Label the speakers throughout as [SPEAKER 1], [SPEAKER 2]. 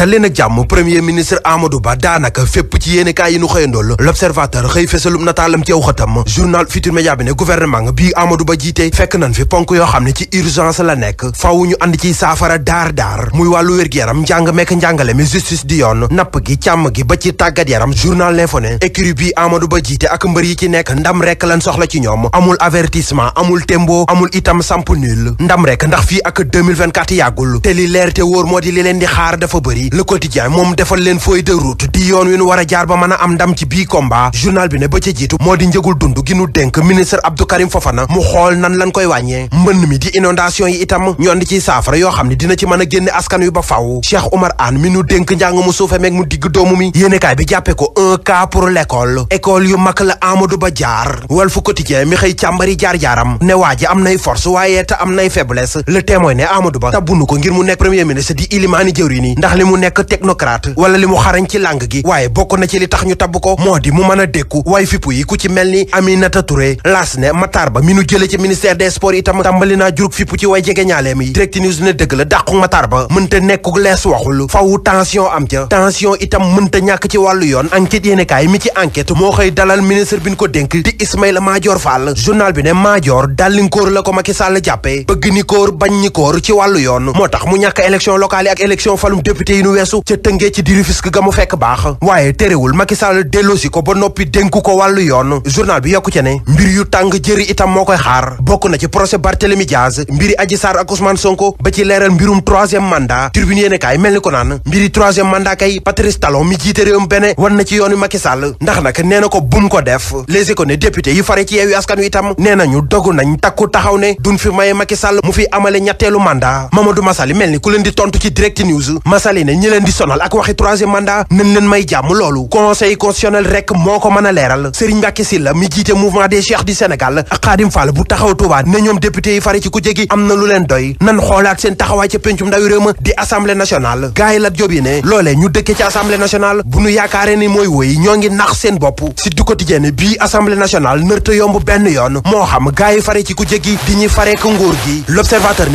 [SPEAKER 1] dal leen ak jàmm premier ministre Amadou Ba daanaka fépp ci yéenekaay yi nu xëyandool l'observateur xëy fesalum nataalam ci aw xëtam journal Futurs Médias bi ne gouvernement bii Amadou Ba jiite fekk nañ fi ponk yoo xam ne ci urgence la nekk faaw ñu ànd ciy saafara daar daar muy wàllu wér-gu-yaram njàng mekk njàngale mi justice di yoon napp gi càmm gi ba ci tàggat yaram journal L'Info ne écurie bii Amadou Ba jiite ak mbër yi ci nekk ndam rek lan soxla ci ñoom amul avertissement amul tembo amul itam samp nul ndam rek ndax fii ak 2024 yàggul te li leer te moo di li leen di xaar dafa bëri le quotidien moom defal leen fooy de route di yoon wi nu war a jaar ba mën a am ndam ci bii combat journal bi ne ba ca jiitu moo di njëgul dund gi nu dénk ministre Abdou Karim Fofana mu xool nan lan koy wàññee mbënn mi di inondation yi itam ñoon di saafara yoo xam ne dina ci mën a génne askan wi ba faw Cheikh Oumar Anne mi nu dénk njàng mu suufe meeg mu digg doomu mi yéenekaay bi jàppe ko un cas pour l'école école yu mag la Amadou Ba jaar Walf Quotidien mi xëy càmbari jaar-jaaram ne waa ji am nay force waaye am nay faiblesse le témoin ne Amadou Ba tabbunu ko ngir mu nekk premier ministre di ilimaani jëwriñ yi nekk technocrate wala li mu xarañ ci làng gi waaye bokk na ci li tax ñu tabb ko moo di mu mën a dékku waaye fippu yi ku ci mel ni Aminata Touré laas ne Matar Ba mi nu jële ci ministère des sports itam tàmbali naa jurug fippu ci way jege yi direct news ne dëgg la dàqu Matar Ba mënta nekku waxul fawu tension am ca tension itam mënta ñàkk ci wàllu yoon enquête yéenekaay mi ci enquête moo xëy dalal ministre bi ñu ko dénk di Ismaïla Madior Fall lu weesu ca tëngee ci diru fisk ga mu fekk baax waaye terewul Macky delloosi ko ba noppi dénku ko wàllu yoon journal bi yokku ca ne mbir yu tàng jëri itam moo koy xaar bokk na ci procès Barthélemy Diaz mbiri Adji Sarr ak Ousmane Sonko ba ci leeral mbirum troisième mandat tribune yéene kaay mel ni ko naan mbiri troisième mandat kay Patrice Talon mi jiite réewum bene wan na ci yoonu Macky ndax nag nee na ko bum ko def Les Échos ne yi fare ci yeewu askan ku leen ne ñi leen di sonal ak waxi troisième mandat nañ leen may jàmm loolu conseil constitutionnel rek moo ko mën leeral Serigne Mbacké Sylla mi jiite mouvement des cheikhs du Sénégal ak Khadim Fall bu taxaw Touba ne ñoom député yi fari ci ku jégi am na lu leen doy nan xoolaat seen taxawaay ca péncum ndawi réew ma di assemblée nationale gars yi la job ñu dëkkee ci assemblée nationale bu ñu yaakaaree ni mooy woy ñoo ngi nax seen bopp si du ko nguur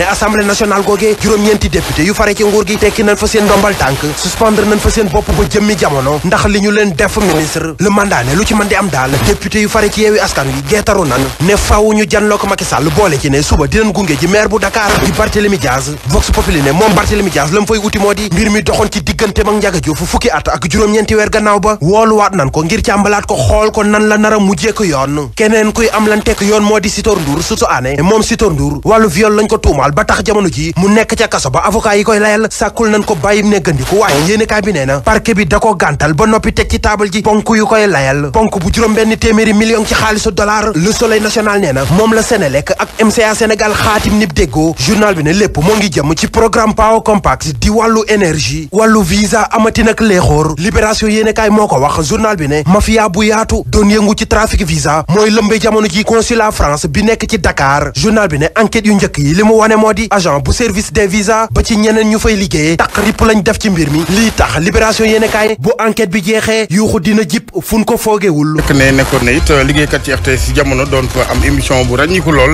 [SPEAKER 1] ne assemblée ndombal tànk suspendre nañ fa seen bopp ba jëmmi jamono ndax li ñu leen def ministre le mandat ne lu ci mën di am daal député yu fare ci yeewi askan wi geetaru nan ne faaw ñu janloo ko Macky boole ci ne suba dinañ gunge ji maire bu Dakar di Barthélémy Diaz Vox Populi ne moom Barthélémy Diaz la mu uti moo di mbir mi doxoon ci diggante mag Ndiaga fukki at ak juróom-ñeenti weer gannaaw ba wooluwaat nan ko ngir càmbalaat ko xool ko nan la nara mujjee ko yoon ne gëndiku waaye yéene kaay bi nee na parquet bi da ko gàntal ba noppi teg ci taabal ji ponk yu koy layal ponk bu juróom benn téeméeri million ci xaalisu dollar le soleil national nee na moom la Sénélec ak MCA Sénégal xaatim nib déggoo journal bi ne lépp moo ngi jëm ci programme Power Compact di wàllu énergie wàllu visa amati nag léexóor libération yéene kaay moo ko wax journal bi ne mafia bu yaatu doon yëngu ci trafic visa mooy lëmbe jamono ji consulat bi nekk ci Dakar journal bi ne enquête yu njëkk yi li mu wane moo di agent bu service des visas ba ci ñeneen def ci mbir mi lii tax libération yéen kaay bu enquête bi jeexee yuuxu dina jip fun ko foogewul
[SPEAKER 2] fekk ne nekkoon na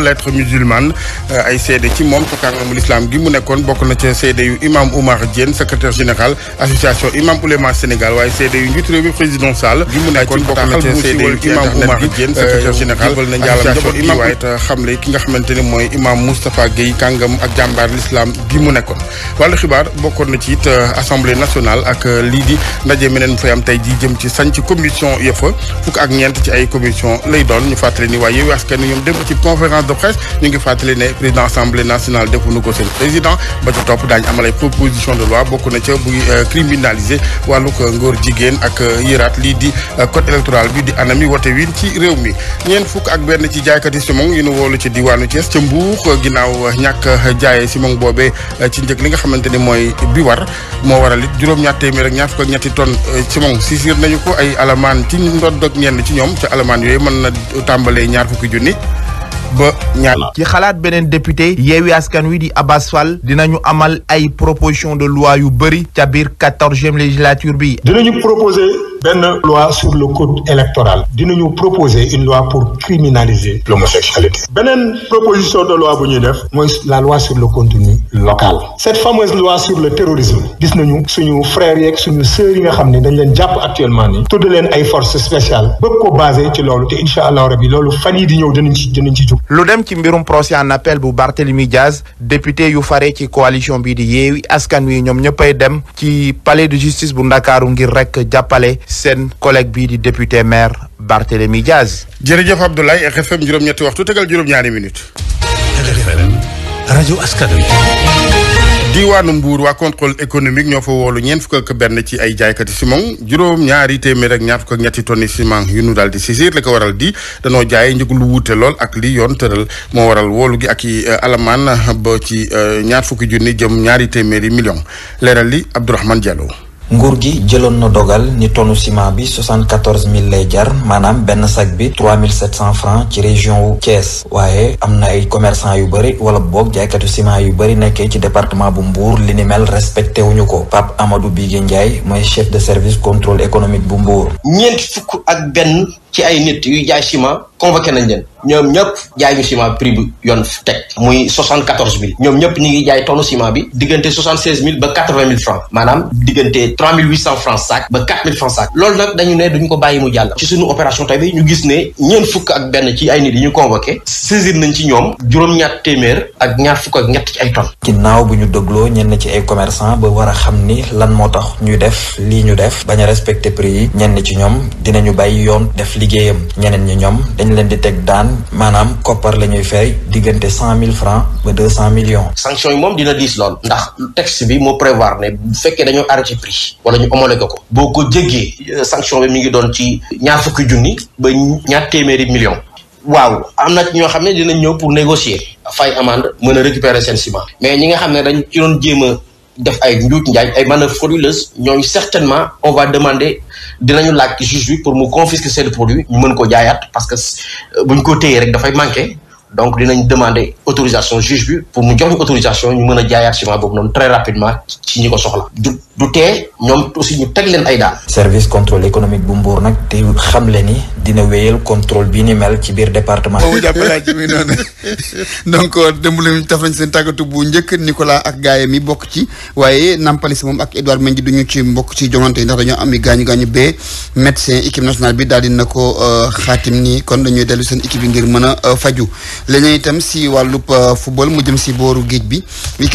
[SPEAKER 2] lettre musulmane euh, ay seede ci moom ko kàngamu lislaam gi mu nekkoon bokk na ca seede yu imam Oumar Diène secrétaire général association imam Oulema Sénégal waaye seede yu njiitu réew mi président Sall gi mu nekkoon bokk na ca seede yu imam Oumar Diène euh, secrétaire général association imam waaye it euh, xamle ki nga xamante ne mooy imam lislaam gi mu nekkoon wàllu xibaar assemblée nationale ak euh, lii di ndaje meneen mu fay tey ji jëm ci sanc commission yëfa fukk ak ñeent ci ay commission lay doon ñu fàttali ni waaye yow askan ñoom dem ci conférence de presse ñu ngi fàttali ne président assemblée nationale defuñu ko seen président ba ci topp daañu amal ay proposition de loi bokk na ca buy euh, criminaliser wàllug euh, ngóor jigéen ak yëraat lii di code électoral bi di anami wote win ci réew mi ñeent fukk ak benn ci jaaykat yi simon yu nu woolu ci diwaanu Thiès ca Mbuur ginnaaw ñàkk jaaye simon boobee ci njëg li nga xamante ni mooy bi war moo waral it juróom-ñaar téeméer ak ñaar fukk ak ñetti tonnes euh, ci moom siisir nañu ko ay alamaan ci ndodog ñenn ci ñoom ca alamaan yooyu mën na tàmbalee ñaar fukki junni
[SPEAKER 1] ba ñaar ci xalaat beneen député yeewi askan wi di Abass Fall dinañu amal ay proposition de loi yu bëri ca biir quatorzième législature bi dinañu proposer benn loi sur le code électoral
[SPEAKER 2] dinañu proposer une loi pour criminaliser l'homosexualité beneen proposition de loi bu ñuy def mooy la loi sur le contenu local cette fameuse loi sur le terrorisme gis nañu suñu frères yeeg suñu sœurs yi nga xam ni dañ leen jàpp actuellement ni tudd leen ay forces spéciales bëgg ko
[SPEAKER 1] basé ci loolu te incha allah rabi loolu fan yii di ñëw dinañ ci dinañ ci jug lu dem ci mbirum procès en appel bu Barthélemy Diaz député yu fare ci coalition bi di yeewi askan wi ñoom ñëppay dem ci palais de justice Ndakaaru ngir rek jàppale seen collègue bii di député maire
[SPEAKER 2] Barthélémy Diaz. jërëjëf Abdoulaye RFM juróom-ñetti waxtu tegal juróom-ñaari minute.
[SPEAKER 1] RFM rajo nu wi.
[SPEAKER 2] diwaanu Mbour waa contrôle économique ñoo fa woolu ñeen fukk ak benn ci ay jaaykati ciment juróom ñaari téeméer ak ñaar fukk ak ñetti tonni ciment yu nu daal di sisir li ko waral di danoo jaay njëg lu wuute lool ak li yoon tëral moo waral woolu gi ak i euh, alamaan ba ci euh, ñaar fukki junni jëm ñaari téeméeri million leeral li Abdourahmane
[SPEAKER 3] Diallo. nguur gi jëloon na dogal ni tonu ciment bi 74000 lay jar maanaam benn sac bi 3700 francs ci région wu Thiès waaye am na ay commerçant yu bëri wala boog jaaykatu ciment yu bëri nekkee ci département bu Mbour li ni mel respecté wuñu ko Pape Amadou Bigue Ndiaye mooy chef de service contrôle économique bu Mbour. ñeent fukk ak benn ci ay nit yu jaay ciment convoqué nañ leen. ñoom ñëpp jaay ñu ciment prix bu yoon teg muy soixante quatorze mille ñoom ñëpp ñu ngi jaay tonne ciment bi diggante soixante seize mille ba quatre vingt mille francs maanaam diggante trois mille huit cent francs sac ba quatre mille francs sac loolu nag dañu ne duñ ko bàyyi mu jàll ci suñu opération tey bi ñu gis ne ñeent fukk ak benn ci ay nit yi ñu convoqué saisir nañ ci ñoom juróom-ñaar téeméer ak ñaar fukk ak ñett ci ay tonnes. ginnaaw bu ñu dégloo ñenn ci ay commerçant ba war a xam lan moo tax ñuy def ñu def bañ a respecté prix yi ñenn ci ñoom dinañu bàyyi yoon def liggéeyam ñeneen ñi ñoom dañ leen di teg daan daan maanaam koppar la ñuy diggante cent mille francs ba deux cent millions. sanction yi moom dina diis lool. ndax texte bi moo prévoir ne bu fekkee dañoo arrêté prix. wala ñu homologué ko. boo ko jéggee euh, sanction bi mi ngi doon ci ñaar fukki junni ba ñaar téeméeri millions. waaw am na ñoo xam ne dinañ ñëw pour négocier. fay amende mën a récupérer seen ciment. mais ñi nga xam ne dañ ci doon jéem def ay njuut njaay ay manœuvres frauduleuses ñooñu certainement on va demander dinañu laaj juge bi pour mu confisquer seen produit ñu mën ko jaayaat parce que euh, buñ ko téyee rek dafay manqué donc dinañ demander autorisation juge bi pour mu jox ñu autorisation ñu mën a jaayaat ciment boobu noonu très rapidement ci ñi ko soxla. du tee ñoom aussi ñu teg leen ay service contrôle économique bu Mbour nag te xam le ni dina wéyal contrôle bi ni mel ci biir département. boobu jàppalaa ci
[SPEAKER 4] mi njëkk Nicolas ak gaayam mi bokk ci waaye Nampalys moom ak Edouard Mendy duñu ci mbokk ci jongante yi ndax dañoo am i gaañu gaañu nationale bi daal ko euh, xaatim ni kon dañuy dellu seen équipe yi ngir a euh, faju leneen itam si wàllub euh, football mu jëm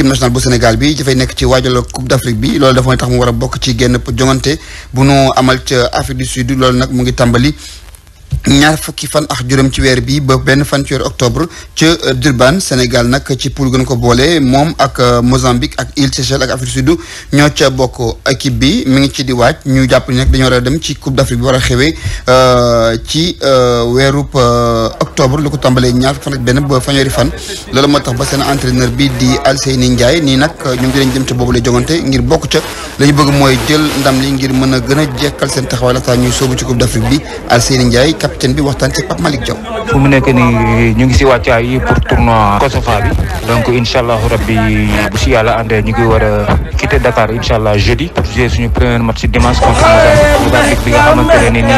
[SPEAKER 4] nationale bi dafay nekk ci waajal Coupe d'Afrique bi loolu dafa mooy tax mu war a bokk ci génn jongante bu nu amal ca Afrique du Sud loolu nag mu ngi tàmbali ñaar fukki fan ak juróom ci weer bi ba benn fan ci weer octobre ca euh, Durban Sénégal nag ci pour gën ko boole moom ak euh, Mozambique ak Îles Seychelles ak Afrique Sud ñoo ca bokk équipe bi mu ngi ci di waaj ñu jàpp ni nag dañoo war a dem ci Coupe d'Afrique war a xewee euh, ci weerub octobre lu ko tàmbalee ñaar fan ak benn ba fanweeri fan loolu moo tax ba seen entraîneur bi di Alseyni Ndiaye nii nag ñoom dinañ jëm boobu la jogante ngir bokk ca la bëgg mooy jël ndam li ngir mën a gën a jekkal seen taxawaay taa ñuy soobu ci Coupe d'Afrique bi Alseyni njaay capitaine bi waxtaan ci Pape Malick Diaw.
[SPEAKER 5] fu mu nekk nii ñu ngi si wàccaay yi pour tournoi Kosofa bi donc incha allahu rabbi bu si yàlla ande ñu ngi war a quitter Dakar incha allah jeudi pour jouer suñu premier match si dimanche contre Mozambique bi nga xamante ne nii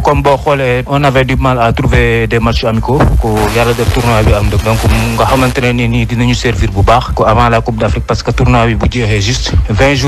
[SPEAKER 5] comme boo xoolee on avait du mal à trouver de matchs amicaux ko yàlla def tournoi bi am dëgg donc nga xamante ne nii dinañu servir bu baax ko avant la coupe d'Afrique parce que tournoi bu jeexee juste vingt jours.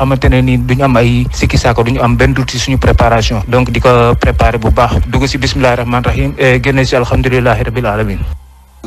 [SPEAKER 5] xamante ne ni duñu am ay sikki saako duñu am benn dut ci suñu préparation donc di ko préparer bu baax dugg ci bismillahi rahmaani rahim eh, génne ci alhamdulilahi rabil alamin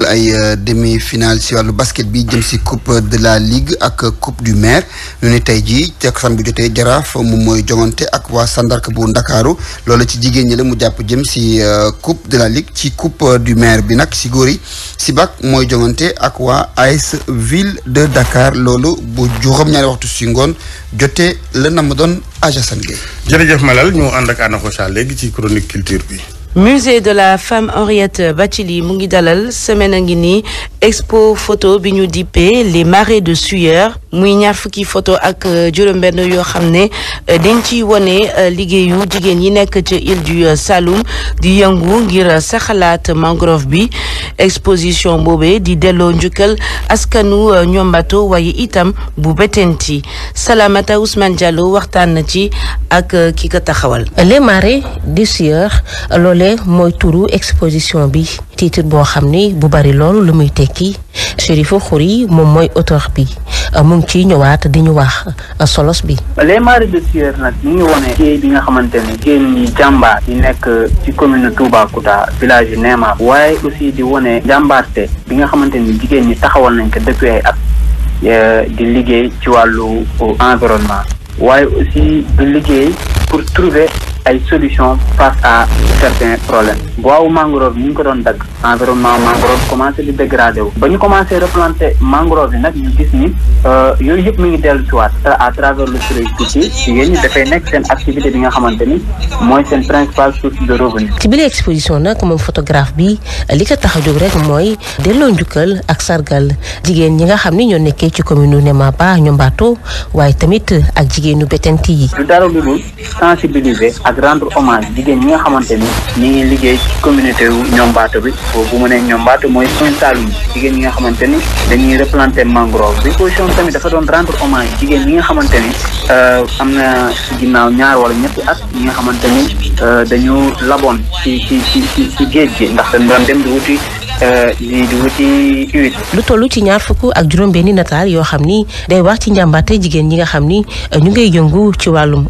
[SPEAKER 4] ay euh, demi finale si wàllu basket bi jëm si coupe de la ligue ak coupe du maire ñu ni tey jii te bi jotee jaraaf moom mooy jongante ak waa sandark bu ndakaaru loolu ci jigéen ñi la mu jàpp jëm si euh, coupe de la ligue ci coupe du maire bi nag si góor yi si bak mooy jongante ak waa AS ville de Dakar loolu bu juróom-ñaari waxtu si ngoon jotee la na ma doon Aja San Gueye
[SPEAKER 2] jërëjëf Malal ñu ànd ak Anna saa léegi ci chronique culture bi
[SPEAKER 6] musée de la femme Henriette Bathily mu ngi dalal semaine a ngi nii expo photo bi ñu dippee les marées de sueur muy ñaar fukki photo ak juróom-benn yoo xam ne euh, dañ ciy wone euh, liggéeyu jigéen yi nekk ci île du euh, Saloum di yëngu ngir saxalaat mangrove bi exposition boobee di delloo njukkal askanu ñombato waaye itam bu Bettenty Salamata Ousmane Diallo waxtaan na ci ak ki ko taxawal.
[SPEAKER 7] les marées loolee mooy turu exposition bi titre boo xam ne bu bari loolu lu muy tekki Chérifou Khouri moom mooy auteur bi mu ngi ciy ñëwaat di ñu wax solos bi.
[SPEAKER 8] les maris de Sueur nag ñu ngi wone liggéey bi nga xamante ne jigéen ñi jàmbaar yi nekk ci commune Toubacouta village yu Néma waaye aussi di wone jàmbaarte bi nga xamante ni jigéen ñi taxawal nañ ko depuis ay at eh, di liggéey ci wàllu environnement waaye aussi di liggéey pour trouver. ay solution face à certains problèmes boawu mangrove mu ngi ko doon dagg environnement mangrove commencé di dégradé wu ba ñu commencé replanter mangrove yi nag ñu gis ni euh, yooyu yëpp mu ngi dellu siwaat à travers le tourisme jigéen ñi dafay seen activité bi nga xamante ni mooy seen principal source de
[SPEAKER 7] ci bile nag moom photographe bi li ko tax a jóg rek mooy delloo njukkal ak sargal jigéen ñi nga xam ni ñoo nekkee ci commune u Nemaba Niombato waaye tamit ak jigéenu Bettenty yi
[SPEAKER 8] lu dara lu dul sensibiliser ak rendre hommage jigéen ñi nga xamante ni ñi ngi liggéey ci communauté wu ñombaatu bi bu mu ne ñombaatu mooy commune Saloum jigéen ñi nga xamante ni dañuy replanter mangrove bi position tamit dafa doon rendre hommage jigéen ñi nga xamante ni euh, am na ginnaaw ñaar wala ñetti at ñi nga xamante ni euh, dañu laboon ci ci ci ci géej gi ndax dañ doon dem di wuti Euh,
[SPEAKER 7] lu toll ci ñaar fukk ak juróom-benni nataal yoo xam ni day wax ci njàmbaate jigéen ñi nga xam ni euh, ñu ngay jongu ci wàllum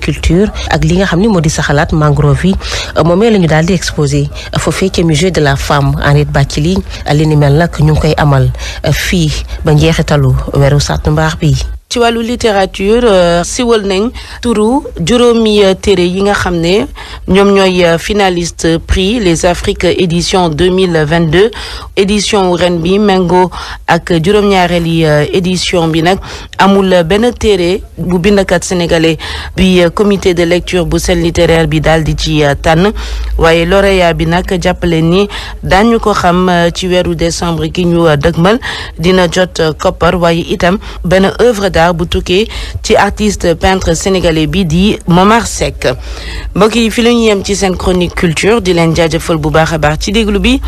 [SPEAKER 7] culture ak li nga xam ni moo di saxalaat mangrove yi euh, moomee la ñu daal di exposé foofee ca musée de la femme Henriette Bathily li ni mel nag ñu ngi koy amal fii ba njeexitalu weeru mbaax bi.
[SPEAKER 6] ci wàllu littérature euh, siwal nañ turu juróomi euh, téere yi nga xam ne ñoom ñooy euh, finaliste prix les Afriques édition 2022 édition ren bi méngoo ak juróom-ñaareeli édition bi nag amul benn téere bu bindkat sénégalais bi comité de lecture bu sel littéraire bi daal di ci tànn waaye lauréat bi nag jàppale ni daañu ko xam ci weeru décembre gi ñu dëgmal dina jot koppar waaye itam benn œuvre résultat bu tukkee ci artiste peintre sénégalais bi di Momar Seck mbokk yi fi la yem ci seen chronique culture di leen jaajëfal bu baax a baax ci déglu bi